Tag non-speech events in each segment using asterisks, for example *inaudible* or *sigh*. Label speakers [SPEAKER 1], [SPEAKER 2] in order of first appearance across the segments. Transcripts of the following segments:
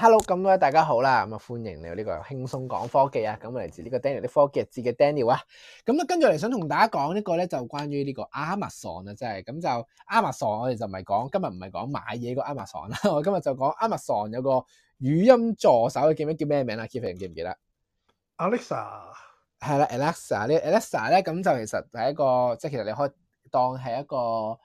[SPEAKER 1] hello，咁咧大家好啦，咁啊歡迎你呢個輕鬆講科技啊，咁嚟自呢個 Daniel 啲科技日誌嘅 Daniel 啊，咁咧跟住嚟想同大家講呢個咧就關於呢個 Amazon 啊，真係咁就 Amazon，我哋就唔係講今日唔係講買嘢個 Amazon 啦， *laughs* 我今日就講 Amazon 有個語音助手叫咩叫咩名啊？Keeping 記唔記得？Alexa 係啦 Alexa，Alexa 呢 Alexa 咧，咁就其實係一個，即係其實你可以當係一個。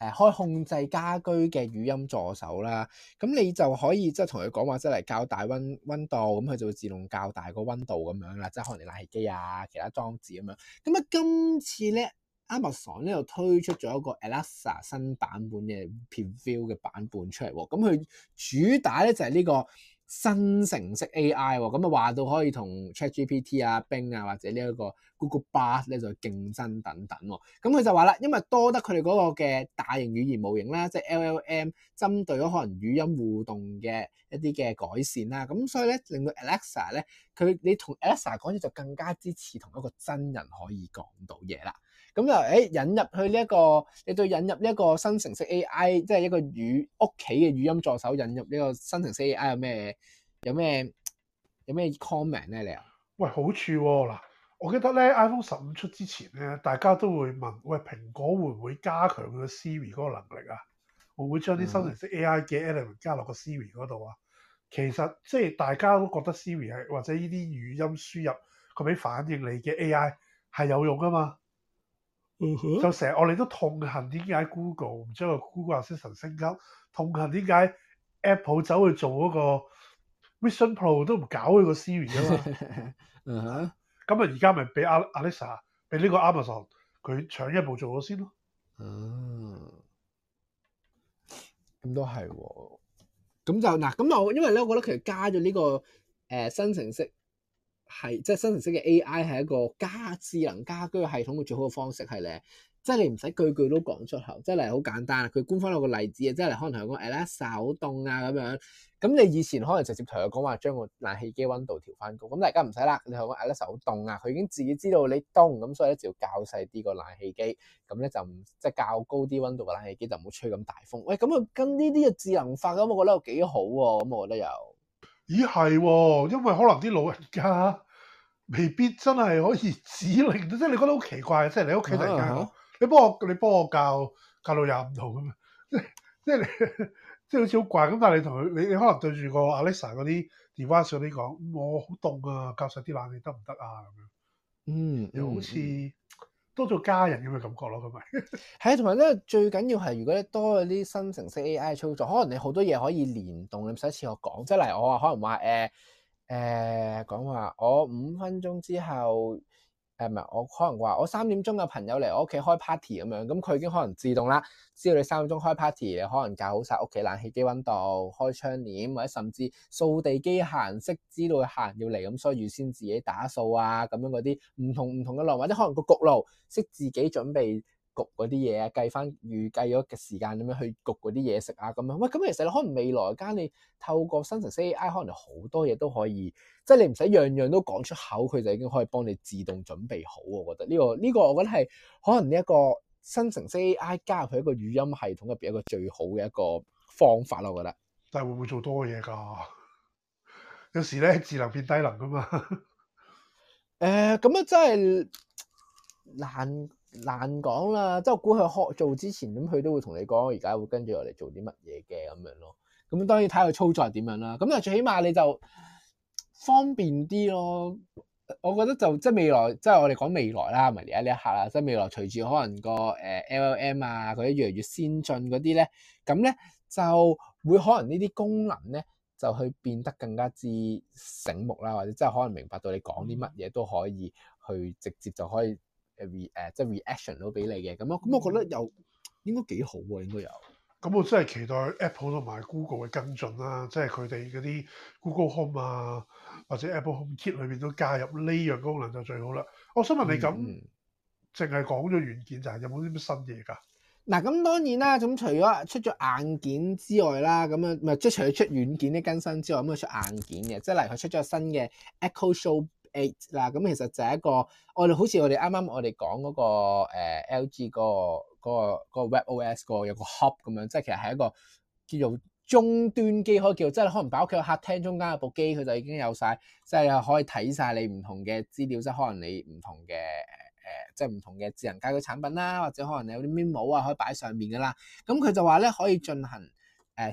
[SPEAKER 1] 誒開控制家居嘅語音助手啦，咁你就可以即係同佢講話，即係嚟較大溫溫度，咁佢就會自動較大個溫度咁樣啦，即係可能你冷氣機啊，其他裝置咁樣。咁啊，今次咧，Amazon 咧又推出咗一個 Alexa 新版本嘅 Preview 嘅版本出嚟喎，咁佢主打咧就係呢、這個。生成式 AI 喎，咁啊話到可以同 ChatGPT 啊、Bing 啊或者 Bath，呢一個 Google Bard 咧就競爭等等喎，咁、嗯、佢就話啦，因為多得佢哋嗰個嘅大型語言模型啦，即係 LLM，針對咗可能語音互動嘅一啲嘅改善啦，咁所以咧令到 Alexa 咧，佢你同 Alexa 講嘢就更加之似同一個真人可以講到嘢啦。咁又誒引入去呢、這、一個，你對引入呢一個新程式 AI，即係一個語屋企嘅語音助手，引入呢個新程式 AI 有咩？有咩？有咩 comment 咧？你啊？
[SPEAKER 2] 喂，好處嗱，我記得咧 iPhone 十五出之前咧，大家都會問：喂，蘋果會唔會加強佢個 Siri 嗰個能力啊？會唔會將啲新程式 AI 嘅 element 加落個 Siri 嗰度啊？其實即係大家都覺得 Siri 係或者呢啲語音輸入佢俾反應你嘅 AI 係有用噶嘛？就成日我哋都痛恨，點解 Google 唔將個 Google Assistant 升級？痛恨點解 Apple 走去做嗰個 Vision Pro 都唔搞佢個 Siri 啊嘛？咁啊，而家咪俾阿 a l i s a 俾呢個 Amazon 佢搶一步做咗先咯。
[SPEAKER 1] 啊，咁都係喎。咁就嗱，咁我因為咧，我覺得其實加咗呢個誒新程式。係，即係生成式嘅 AI 係一個家智能家居系統嘅最好嘅方式係咧，即係你唔使句句都講出口，即係嚟好簡單，佢官方有個例子啊，即係你可能同佢講，Alexa 好凍啊咁樣，咁你以前可能直接同佢講話將個冷氣機溫度調翻高，咁而家唔使啦，你同 Alexa 好凍啊，佢已經自己知道你凍，咁所以咧就要較細啲個冷氣機，咁咧就即係較高啲溫度嘅冷氣機就唔好吹咁大風。喂，咁啊跟呢啲嘅智能化咁，我覺得又幾好喎，啊，咁我覺得又。
[SPEAKER 2] 咦係喎，因為可能啲老人家未必真係可以指令，即係你覺得好奇怪，即係你屋企突然間啊啊啊你，你幫我你幫我教教到廿五度咁啊！即即你即好似好怪咁，但係你同佢你你可能對住個 Alexa 嗰啲 device 上講，我好凍啊，教實啲冷氣得唔得啊？咁樣，
[SPEAKER 1] 嗯，嗯，又好似。多做家人咁嘅感覺咯，咁咪係啊，同埋咧最緊要係，如果你多咗啲生成式 AI 操作，可能你好多嘢可以連動，你唔使一次我講出嚟、呃呃，我可能話誒誒講話我五分鐘之後。誒唔係，我可能話我三點鐘嘅朋友嚟我屋企開 party 咁樣，咁佢已經可能自動啦，只要你三點鐘開 party，你可能搞好晒屋企冷氣機溫度、開窗簾或者甚至掃地機械人識知道客人要嚟，咁所以預先自己打掃啊咁樣嗰啲唔同唔同嘅爐，或者可能個焗爐識自己準備。焗嗰啲嘢啊，計翻預計咗嘅時間咁樣去焗嗰啲嘢食啊，咁樣喂，咁其實可能未來間你透過生成式 AI，可能好多嘢都可以，即係你唔使樣樣都講出口，佢就已經可以幫你自動準備好。我覺得呢個呢個，這個、我覺得係可能呢一個生成式 AI 加入佢一個語音系統入邊一個最好嘅一個方法咯。我覺得。但係會唔會做多嘢噶？有時咧，智能變低能噶嘛。誒、 *laughs* 呃，咁啊，真係難。難講啦，即係我估佢學做之前，咁佢都會同你講，而家會跟住我嚟做啲乜嘢嘅咁樣咯。咁當然睇佢操作係點樣啦。咁啊，最起碼你就方便啲咯。我覺得就即係未來，即係我哋講未來啦，唔係而家呢一刻啦。即係未來，隨住可能、個誒、呃、L L M 啊，嗰啲越嚟越先進嗰啲咧，咁咧就會可能呢啲功能咧就去變得更加之醒目啦，或者即係可能明白到你講啲乜嘢都可以去直接就可以。誒誒，即係 reaction 都俾你嘅，咁樣咁我覺得又應該幾好喎，啊，應該有。
[SPEAKER 2] 咁我真係期待 Apple 同埋 Google 嘅跟進啦，啊，即係佢哋嗰啲 Google Home 啊，或者 Apple HomeKit 裏邊都加入呢樣功能就最好啦。我想問你，咁淨係講咗軟件就係，嗯、有冇啲乜新嘢㗎？
[SPEAKER 1] 嗱，咁當然啦，咁除咗出咗硬件之外啦，咁啊，唔係即係除咗出軟件啲更新之外，咁佢出硬件嘅，即係例如佢出咗新嘅 Echo Show。Eight 嗱，咁其實就係一個我哋好似我哋啱啱我哋講嗰個、呃、LG、嗰個嗰、嗰個 WebOS 個有個 Hub 咁樣，即係其實係一個叫做終端機，可以叫即係可能擺屋企個客廳中間有部機，佢就已經有晒，即係可以睇晒你唔同嘅資料，即係可能你唔同嘅誒、呃，即係唔同嘅智能家居產品啦，或者可能你有啲 memo 啊可以擺上面噶啦，咁、嗯、佢就話咧可以進行。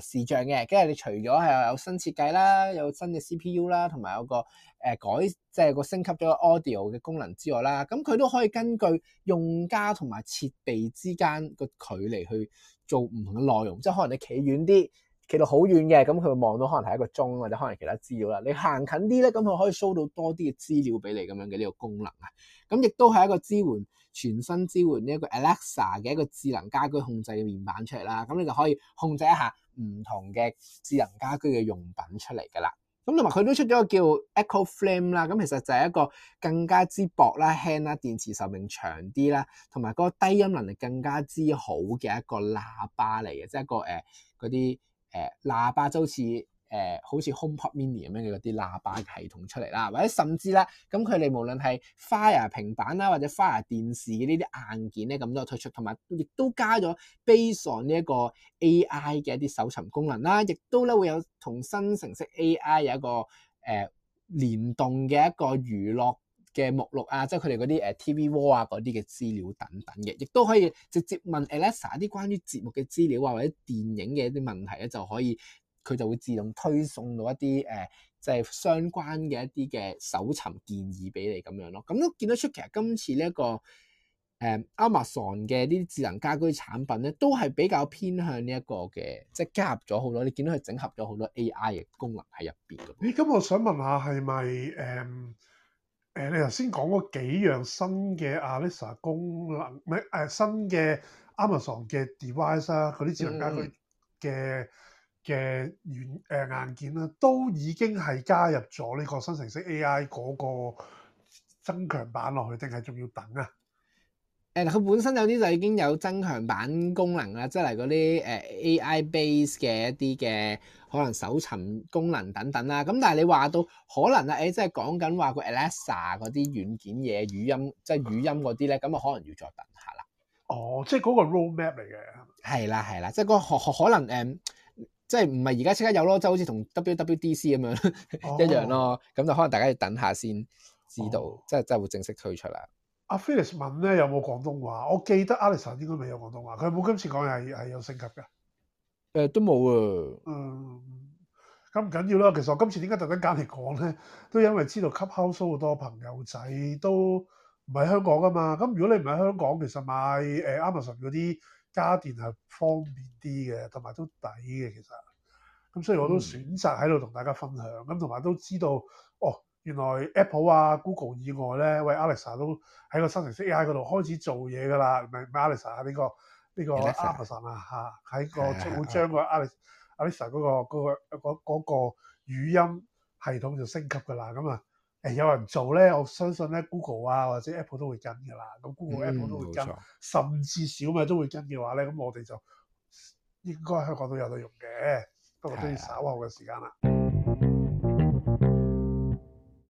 [SPEAKER 1] 誒視像嘅，跟住、呃、你除咗係有新設計啦，有新嘅 CPU 啦，同埋有個誒、呃、改，即係個升級咗 audio 嘅功能之外啦，咁、嗯、佢都可以根據用家同埋設備之間個距離去做唔同嘅內容，即係可能你企遠啲。企到好遠嘅，咁佢望到可能係一個鐘或者可能其他資料啦。你行近啲咧，咁佢可以 show 到多啲嘅資料俾你咁樣嘅呢個功能啊。咁亦都係一個支援全新支援呢一個 Alexa 嘅一個智能家居控制嘅面板出嚟啦。咁你就可以控制一下唔同嘅智能家居嘅用品出嚟噶啦。咁同埋佢都出咗個叫 Echo Frame 啦。咁其實就係一個更加之薄啦，輕啦，電池壽命長啲啦，同埋嗰個低音能力更加之好嘅一個喇叭嚟嘅，即係一個誒嗰啲。呃誒、呃、喇叭就好似誒、呃、好似 HomePod Mini 咁樣嘅啲喇叭系統出嚟啦，或者甚至咧，咁佢哋無論係 Fire 平板啦，或者 Fire 電視呢啲硬件咧，咁都有推出，同埋亦都加咗 Based on 呢一個 AI 嘅一啲搜尋功能啦，亦都咧會有同生成式 AI 有一個誒、呃、連動嘅一個娛樂。嘅目錄啊，即係佢哋嗰啲誒 TVV 啊，嗰啲嘅資料等等嘅，亦都可以直接問 Alexa 啲關於節目嘅資料啊，或者電影嘅一啲問題咧、啊，就可以佢就會自動推送到一啲誒，即、呃、係、就是、相關嘅一啲嘅搜尋建議俾你咁樣咯。咁、嗯、都見得出其實今次呢、這、一個誒、呃、Amazon 嘅呢啲智能家居產品咧，都係比較偏向呢一個嘅，即係加入咗好多，你見到佢整合咗好多 AI 嘅功能喺入邊。你咁、欸嗯、我想
[SPEAKER 2] 問下係咪誒？嗯誒，你頭先講嗰幾樣新嘅 Alexa 功能，唔係誒新嘅 Amazon 嘅 device 啊，嗰啲智能家居嘅嘅軟誒硬件啦，都已經係加入咗呢個生成式 AI 嗰個增強版落去，定係仲要等啊？
[SPEAKER 1] 誒，佢本身有啲就已經有增強版功能啦，即係嗰啲誒 AI base 嘅一啲嘅可能搜尋功能等等啦。咁但係你話到可能啊，誒，即係講緊話個 Alexa 嗰啲軟件嘢語音，即係語音嗰啲咧，咁啊，可能要再等下啦。哦，即係嗰個 roadmap 嚟嘅。係啦，係啦，即係嗰、嗰個可可能誒、嗯，即係唔係而家即刻有咯，即係好似同 WWDC 咁樣一樣咯。咁、哦、 *laughs* 就可能大家要等下先知道，哦、即係即係會正式推出啦。阿 Phyllis
[SPEAKER 2] 問咧有冇廣東話？我記得 Alexa 應該未有廣東話。佢冇今次講嘢，係有升級嘅。
[SPEAKER 1] 誒，都冇啊。嗯，
[SPEAKER 2] 咁唔緊要啦。其實我今次點解特登隔離講咧，都因為知道 Clubhouse 好多朋友仔都唔喺香港噶嘛。咁如果你唔喺香港，其實買誒 Amazon 嗰啲家電係方便啲嘅，同埋都抵嘅。其實咁，所以我都選擇喺度同大家分享。咁同埋都知道哦。原來 Apple 啊、Google 以外咧，喂 Alexa 都喺個生成式 AI 嗰度開始做嘢噶啦，唔係 Alexa、這個這個、啊？呢個呢個 Amazon 啊，嚇喺個會將 *noise* 個 Alexa *noise* Al 嗰、那個嗰、那個嗰嗰、那個那個語音系統就升級噶啦。咁啊，誒有人做咧，我相信咧 Google 啊或者 Apple 都會跟噶啦。咁 Google、嗯、Apple 都會跟，錯甚至小米都會跟嘅話咧，咁我哋就應該香港都有得用嘅，不、那、過、個、都要稍後嘅時間啦。 *noise* *noise*